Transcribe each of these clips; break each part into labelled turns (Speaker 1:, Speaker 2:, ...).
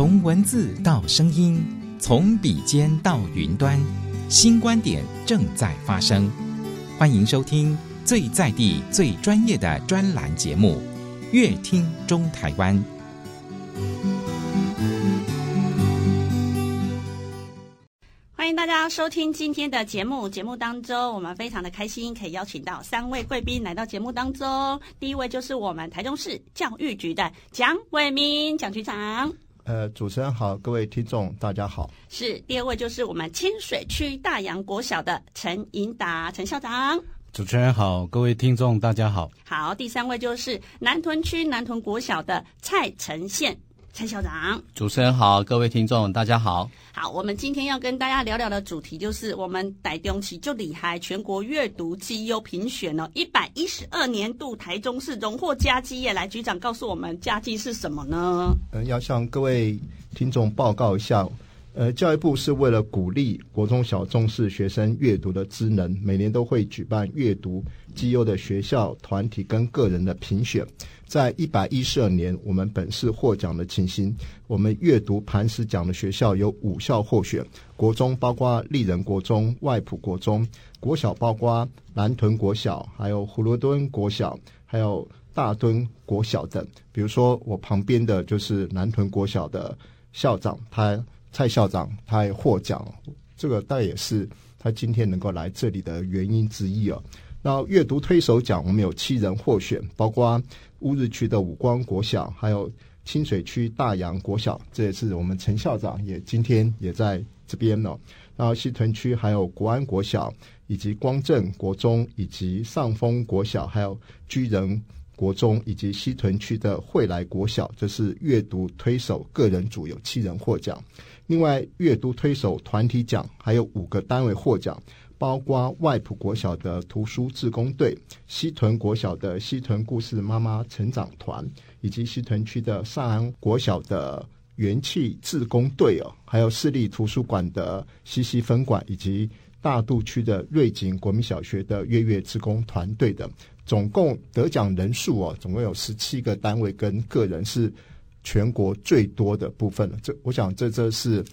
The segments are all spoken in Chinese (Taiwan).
Speaker 1: 從文字到聲音，從筆尖到雲端，新觀點正在發生。歡迎收聽最在地、最專業的專欄節目《樂聽中
Speaker 2: 台灣》。歡迎大家收聽今天的節目。節目當中，我們非常的開心，可以邀請到三位貴賓來到節目當中。第一位就是我們台中市教育局的蔣偉民蔣局長。
Speaker 3: 呃，主持人好，各位聽眾大家好。
Speaker 2: 是第二位，就是我們清水區大楊國小的陳盈達陳校長。
Speaker 1: 主持人好，各位聽眾大家好。
Speaker 2: 好，第三位就是南屯區南屯國小的蔡承憲。蔡校長，
Speaker 4: 主持人好，各位聽眾大家好。
Speaker 2: 好，我們今天要跟大家聊聊的主題就是我們台中市就厲害，全國閱讀績優評選了一百一十二年度台中市榮獲佳績耶！來，局長告訴我們佳績是什麼呢？
Speaker 3: 嗯、呃，要向各位聽眾報告一下。呃，教育部是為了鼓勵國中小重視學生閱讀的知能，每年都會舉辦閱讀績優的學校團體跟個人的評選。在一百一十二年，我們本市獲獎的情形，我們閱讀磐石獎的學校有五校獲選，國中包括立人國中、外埔國中，國小包括南屯國小，還有葫蘆墩國小、還有大墩國小等。比如說，我旁邊的就是南屯國小的校長，他。蔡校長他也獲獎，這個倒也是他今天能夠來這裡的原因之一哦。那閱讀推手獎我們有七人獲選，包括烏日區的五光國小，還有清水區大楊國小，這也是我們陳校長也今天也在這邊呢、哦。然後西屯區還有國安國小，以及光正國中，以及上楓國小，還有居仁。國中以及西屯區的惠來國小，這是閱讀推手個人組有七人獲獎。另外，閱讀推手團體獎還有五個單位獲獎，包括外埔國小的圖書志工隊、西屯國小的西屯故事媽媽成長團，以及西屯區的上安國小的元氣志工隊哦，還有市立圖書館的西西分館，以及大肚區的瑞井國民小學的月月志工團隊等。總共得獎人數啊、哦，總共有十七個單位跟個人，是全國最多的部分了。這我想這，這這是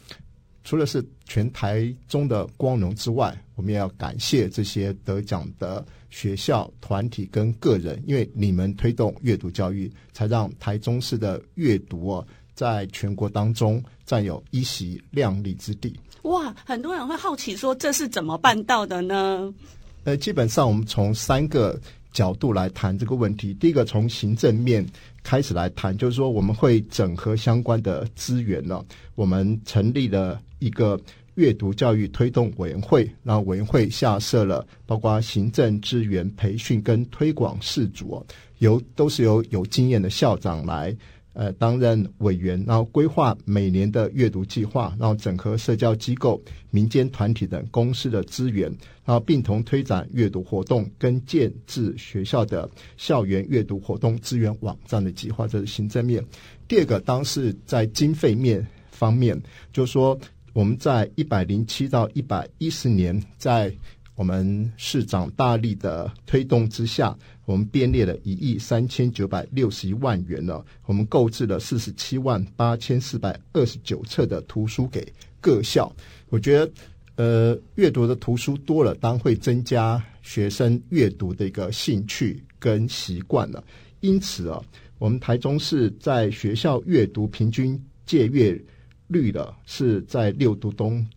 Speaker 3: 除了是全台中的光榮之外，我們也要感謝這些得獎的學校、團體跟個人，因為你們推動閱讀教育，才讓台中市的閱讀啊、哦，在全國當中占有一席亮麗之地。
Speaker 2: 哇，很多人會好奇說，這是怎麼辦到的呢？
Speaker 3: 呃，基本上我們從三個。角度來談這個問題。第一個從行政面開始來談，就是說我們會整合相關的資源呢、啊。我們成立了一個閱讀教育推動委員會，然後委員會下設了包括行政資源培訓跟推廣四組、啊，由都是由有經驗的校長來。呃，擔任委員，然後規劃每年的閱讀計劃，然後整合社交機構、民間團體等公司的資源，然後並同推展閱讀活動跟建置學校的校園閱讀活動資源網站的計劃，這是行政面。第二個，當時在經費面方面，就說我們在一百零七到一百一十年，在我們市長大力的推動之下。我們編列了一億三千九百六十一萬元呢，我們購置了四十七萬八千四百二十九冊的圖書給各校。我覺得，呃，閱讀的圖書多了，當然會增加學生閱讀的一個興趣跟習慣了。因此啊，我們台中市在學校閱讀平均借閱率的是在六都中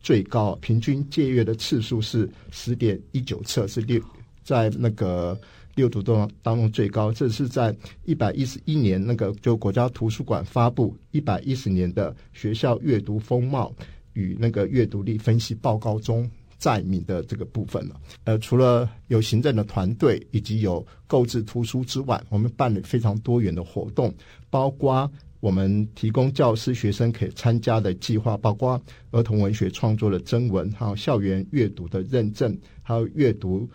Speaker 3: 最高，平均借閱的次數是十點一九冊，是六在那個。閱讀當中最高，這是在一百一十一年那個，就國家圖書館發布一百一十年的學校閱讀風貌與那個閱讀力分析報告中載明的這個部分了。呃，除了有行政的團隊以及有購置圖書之外，我們辦理非常多元的活動，包括我們提供教師、學生可以參加的計劃，包括兒童文學創作的徵文，還有校園閱讀的認證，還有閱讀。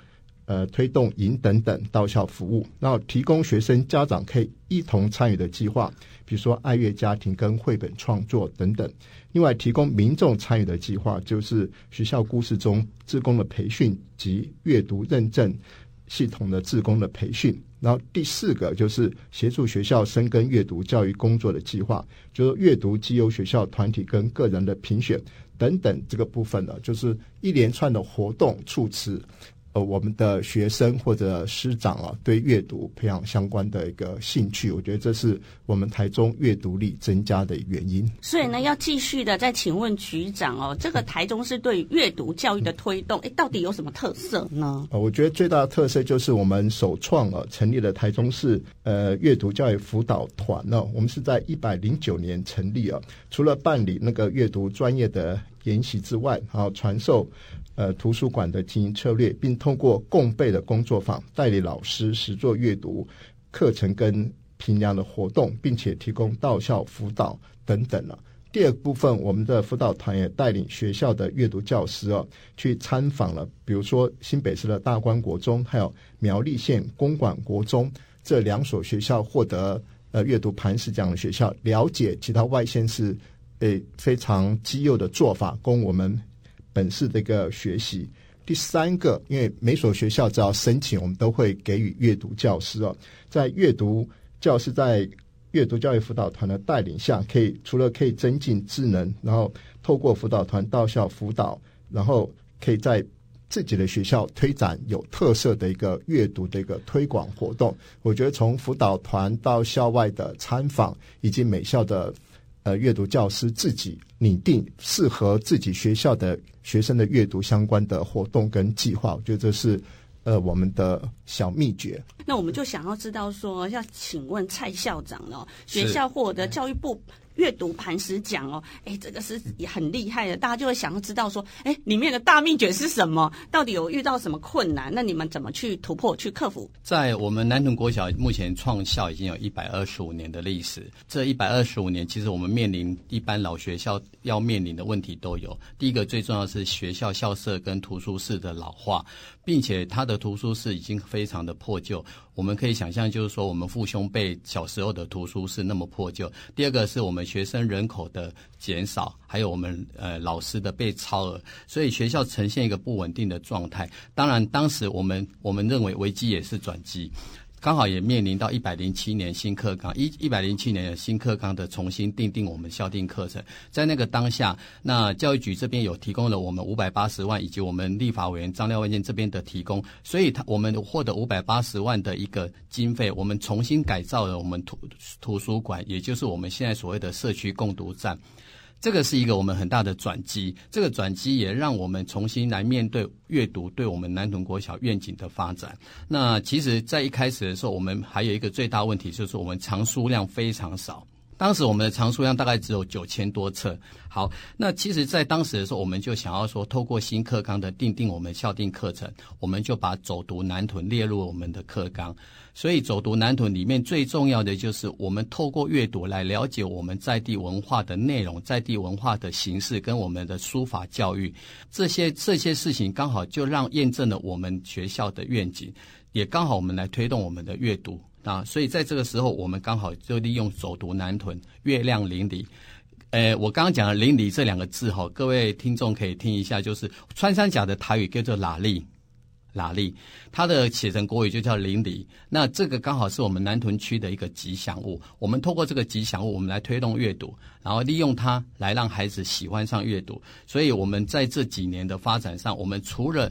Speaker 3: 呃，推動營等等到校服務，然後提供學生家長可以一同參與的計劃，比如說愛樂家庭跟繪本創作等等。另外，提供民眾參與的計劃，就是學校故事中志工的培訓及閱讀認證系統的志工的培訓。然後第四個就是協助學校深耕閱讀教育工作的計劃，就是閱讀績優學校團體跟個人的評選等等這個部分呢、啊，就是一連串的活動措辭。呃，我們的學生或者師長啊，對閱讀培養相關的一個興趣，我覺得這是我們台中閱讀力增加的原因。
Speaker 2: 所以呢，要繼續的再請問局長哦，這個台中市對於閱讀教育的推動，嗯、誒到底有什麼特色呢？
Speaker 3: 呃，我覺得最大的特色就是我們首創啊，成立了台中市呃閱讀教育輔導團呢、啊。我們是在一百零九年成立啊，除了辦理那個閱讀專業的研習之外，還、啊、有傳授。呃，圖書館的經營策略，並透過共備的工作坊，代理老師實作閱讀課程跟評量的活動，並且提供到校輔導等等了，啊。第二部分，我們的輔導團也帶領學校的閱讀教師哦、啊，去參訪了。比如說新北市的大觀國中，還有苗栗縣公館國中這兩所學校獲得呃閱讀磐石獎的學校，了解其他外縣市誒非常績優的做法，供我們本市的一個學習。第三個，因為每所學校只要申請，我們都會給予閱讀教師哦，在閱讀教師在閱讀教育輔導團的帶領下，可以除了可以增進智能，然後透過輔導團到校輔導，然後可以在自己的學校推展有特色的一個閱讀的一個推廣活動。我覺得從輔導團到校外的參訪，以及每校的。呃，閱讀教師自己擬定適合自己學校的學生的閱讀相關的活動跟計劃，我覺得這是呃我們的小秘訣。
Speaker 2: 那我們就想要知道說，要請問蔡校長呢、哦？學校獲得教育部，閱讀《磐石獎》哦，哎，這個是也很厲害的，大家就會想要知道說，哎，裡面的大秘訣是什麼？到底有遇到什麼困難？那你們怎麼去突破，去克服？
Speaker 4: 在我們南屯國小，目前創校已經有一百二十五年的歷史。這一百二十五年，其實我們面臨一般老學校要面臨的問題都有。第一個最重要的是學校校舍跟圖書室的老化。並且他的圖書室已經非常的破舊，我們可以想象，就是說我們父兄輩小時候的圖書室那麼破舊。第二個是我們學生人口的減少，還有我們呃老師的被超額，所以學校呈現一個不穩定的狀態。當然，當時我們我們認為危機也是轉機。剛好也面臨到一百零七年新課綱，一一百零七年的新課綱的重新訂定，我們校訂課程，在那個當下，那教育局這邊有提供了我們五百八十萬，以及我們立法委員張廖萬堅這邊的提供，所以他我們獲得五百八十萬的一個經費，我們重新改造了我們圖圖書館，也就是我們現在所謂的社區共讀站。這個是一個我們很大的轉機，這個轉機也讓我們重新來面對閱讀，對我們南屯國小願景的發展。那其實，在一開始的時候，我們還有一個最大問題，就是我們藏書量非常少。當時我們的藏書量大概只有九千多冊。好，那其實在當時的時候，我們就想要說，透過新課綱的訂定，我們校訂課程，我們就把走讀南屯列入我們的課綱。所以走讀南屯裡面最重要的就是，我們透過閱讀來了解我們在地文化的內容，在地文化的形式跟我們的書法教育這些這些事情，剛好就讓驗證了我們學校的願景，也剛好我們來推動我們的閱讀。啊，所以在這個時候，我們剛好就利用“走讀南屯月亮林狸”。誒，我剛剛講的“林狸”這兩個字哈，各位聽眾可以聽一下，就是穿山甲的台語叫做“拉力”，拉力，它的寫成國語就叫“林狸”。那這個剛好是我們南屯區的一個吉祥物。我們透過這個吉祥物，我們來推動閱讀，然後利用它來讓孩子喜歡上閱讀。所以，我們在這幾年的發展上，我們除了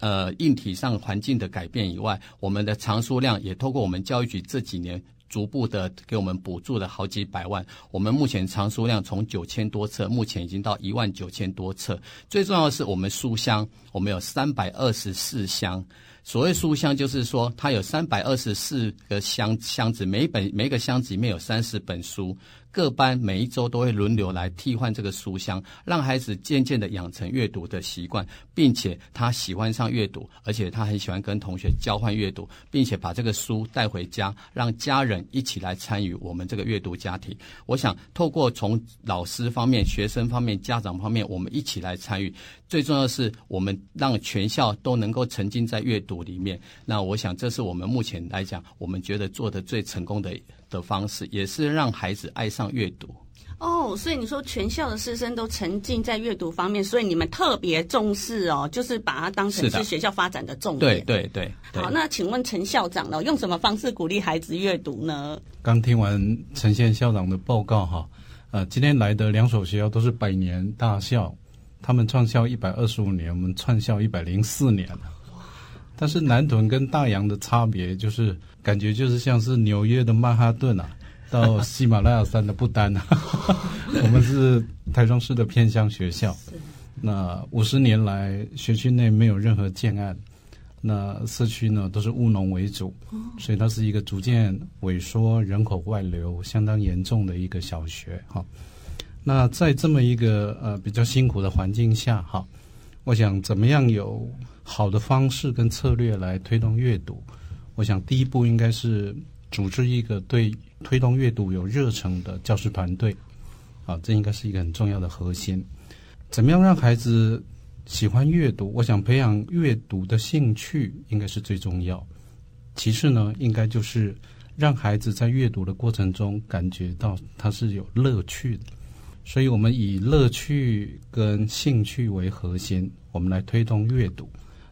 Speaker 4: 呃，硬體上環境的改變以外，我們的藏書量也透過我們教育局這幾年逐步的給我們補助了好幾百萬。我們目前藏書量從九千多冊，目前已經到一萬九千多冊。最重要的是我們書香。我們有三百二十四箱，所謂書箱就是說，它有三百二十四個箱箱子，每一本，每一個箱子裡面有三十本書。各班每一周都會輪流來替換這個書箱，讓孩子漸漸的養成閱讀的習慣，並且他喜歡上閱讀，而且他很喜歡跟同學交換閱讀，並且把這個書帶回家，讓家人一起來參與我們這個閱讀家庭。我想透過從老師方面、學生方面、家長方面，我們一起來參與。最重要的是我們。讓全校都能夠沉浸在閱讀裡面，那我想這是我們目前來講，我們覺得做的最成功的的方式，也是讓孩子愛上閱讀
Speaker 2: 哦。所以你說全校的師生都沉浸在閱讀方面，所以你們特別重視哦，就是把它當成是學校發展的重點。
Speaker 4: 對對對，
Speaker 1: 對。好，那
Speaker 2: 請問陳校長呢？用什麼方式鼓勵孩子閱讀呢？
Speaker 1: 剛聽完陳縣校長的報告哈，呃，今天來的兩所學校都是百年大校。他們創校一百二十五年，我們創校一百零四年了。但是南屯跟大楊的差別，就是感覺就是像是紐約的曼哈頓啊，到喜馬拉雅山的不丹 我們是台中市的偏鄉學校，那五十年來學區內沒有任何建案，那社區呢都是務農為主，哦，所以它是一個逐漸萎縮，人口外流相當嚴重的一個小學哈。那在這麼一個呃比較辛苦的環境下，哈，我想怎麼樣有好的方式跟策略來推動閱讀？我想第一步應該是組織一個對推動閱讀有熱忱的教師團隊，啊，這應該是一個很重要的核心。怎麼樣讓孩子喜歡閱讀？我想培養閱讀的興趣應該是最重要。其次呢，應該就是讓孩子在閱讀的過程中感覺到他是有樂趣的。所以我們以樂趣跟興趣為核心，我們來推動閱讀。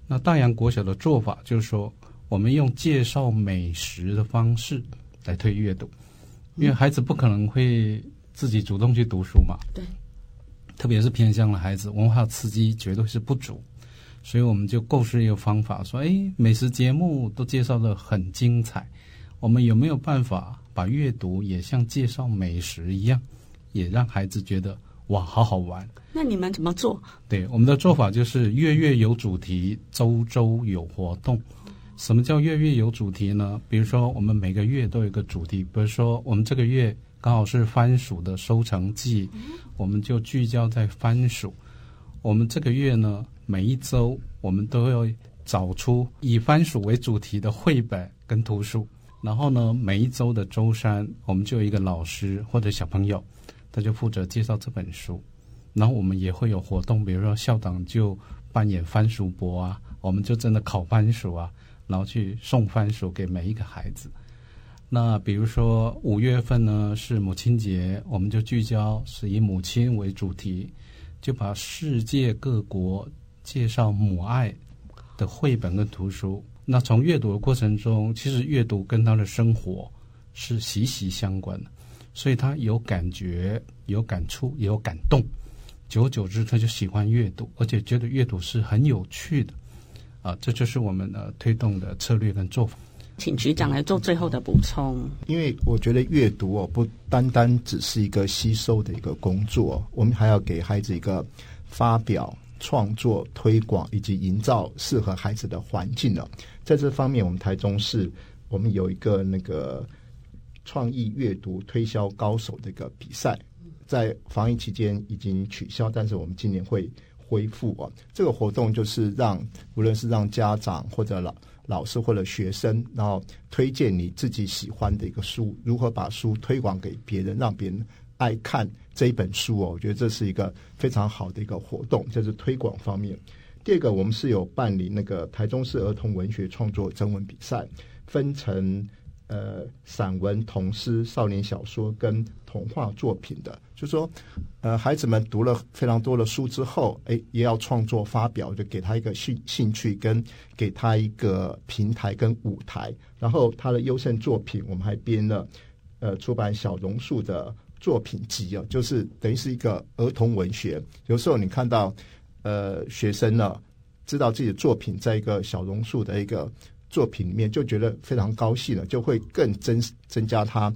Speaker 1: 那大楊國小的做法就是說，我們用介紹美食的方式來推閱讀，因為孩子不可能會自己主動去讀書嘛。對、嗯。特別是偏鄉的孩子，文化刺激絕對是不足，所以我們就構思一個方法，說：哎，美食節目都介紹得很精彩，我們有沒有辦法把閱讀也像介紹美食一樣？也讓孩子覺得哇，好好玩。
Speaker 2: 那你們怎麼做？
Speaker 1: 對，我們的做法就是月月有主題，周周有活動。什麼叫月月有主題呢？比如說，我們每個月都有一個主題。比如說，我們這個月剛好是番薯的收成季，嗯，我們就聚焦在番薯。我們這個月呢，每一周我們都要找出以番薯為主題的繪本跟圖書。然後呢，每一周的周三，我們就有一個老師或者小朋友。他就負責介紹這本書，然後我們也會有活動，比如說校長就扮演番薯伯啊，我們就真的烤番薯啊，然後去送番薯給每一個孩子。那比如說五月份呢，是母親節，我們就聚焦是以母親為主題，就把世界各國介紹母愛的繪本跟圖書。那從閱讀的過程中，其實閱讀跟他的生活是息息相關的。所以他有感覺、有感觸、也有感動，久而久之，他就喜歡閱讀，而且覺得閱讀是很有趣的。啊，這就是我們的、呃、推動的策略跟做法。
Speaker 2: 請局長來做最後的補充。
Speaker 3: 因為我覺得閱讀哦，不單單只是一個吸收的一個工作，我們還要給孩子一個發表、創作、推廣以及營造適合孩子的環境了。在這方面，我們台中市我們有一個那個。創意閱讀推銷高手的一個比賽，在防疫期間已經取消，但是我們今年會恢復啊。這個活動就是讓，無論是讓家長或者老老師或者學生，然後推薦你自己喜歡的一個書，如何把書推廣給別人，讓別人愛看這一本書哦。我覺得這是一個非常好的一個活動，這是推廣方面。第二個，我們是有辦理那個台中市兒童文學創作徵文比賽，分成。呃，散文、童詩、少年小說跟童話作品的，就是說，呃，孩子們讀了非常多的書之後，欸、也要創作發表，就給他一個興興趣跟給他一個平台跟舞台。然後他的優勝作品，我們還編了呃出版小榕樹的作品集啊、呃，就是等於是一個兒童文學。有時候你看到，呃，學生呢知道自己的作品在一個小榕樹的一個。作品裡面就覺得非常高興了，就會更增增加他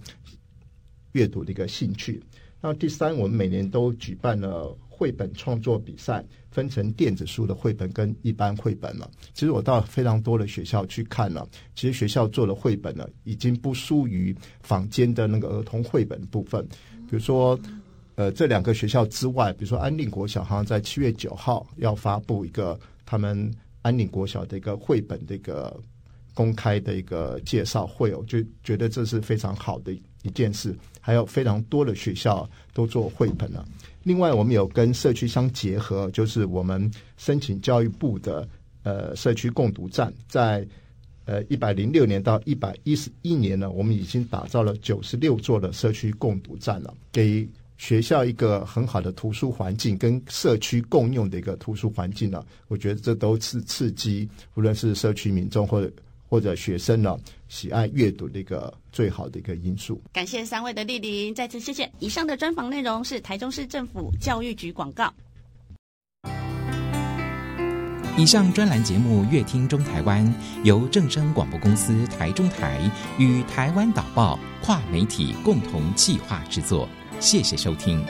Speaker 3: 閱讀的一個興趣。那第三，我們每年都舉辦了繪本創作比賽，分成電子書的繪本跟一般繪本了。其實我到非常多的學校去看了，其實學校做的繪本呢，已經不輸於坊間的那個兒童繪本部分。比如說，呃，這兩個學校之外，比如說安定國小，好像在七月九號要發布一個他們安定國小的一個繪本的一個。公開的一個介紹會，我就覺得這是非常好的一件事。還有非常多的學校都做繪本了。另外，我們有跟社區相結合，就是我們申請教育部的呃社區共讀站，在呃一百零六年到一百一十一年呢，我們已經打造了九十六座的社區共讀站了，給學校一個很好的圖書環境，跟社區共用的一個圖書環境呢。我覺得這都是刺激，無論是社區民眾或者。或者學生呢，喜愛閱讀的一個最好的一個因素。
Speaker 2: 感謝三位的蒞臨，再次謝謝。以上的專訪內容是台中市政府教育局廣告。
Speaker 1: 以上專欄節目《樂聽中台灣》由正聲廣播公司台中台與台灣導報跨媒體共同計劃制作，謝謝收聽。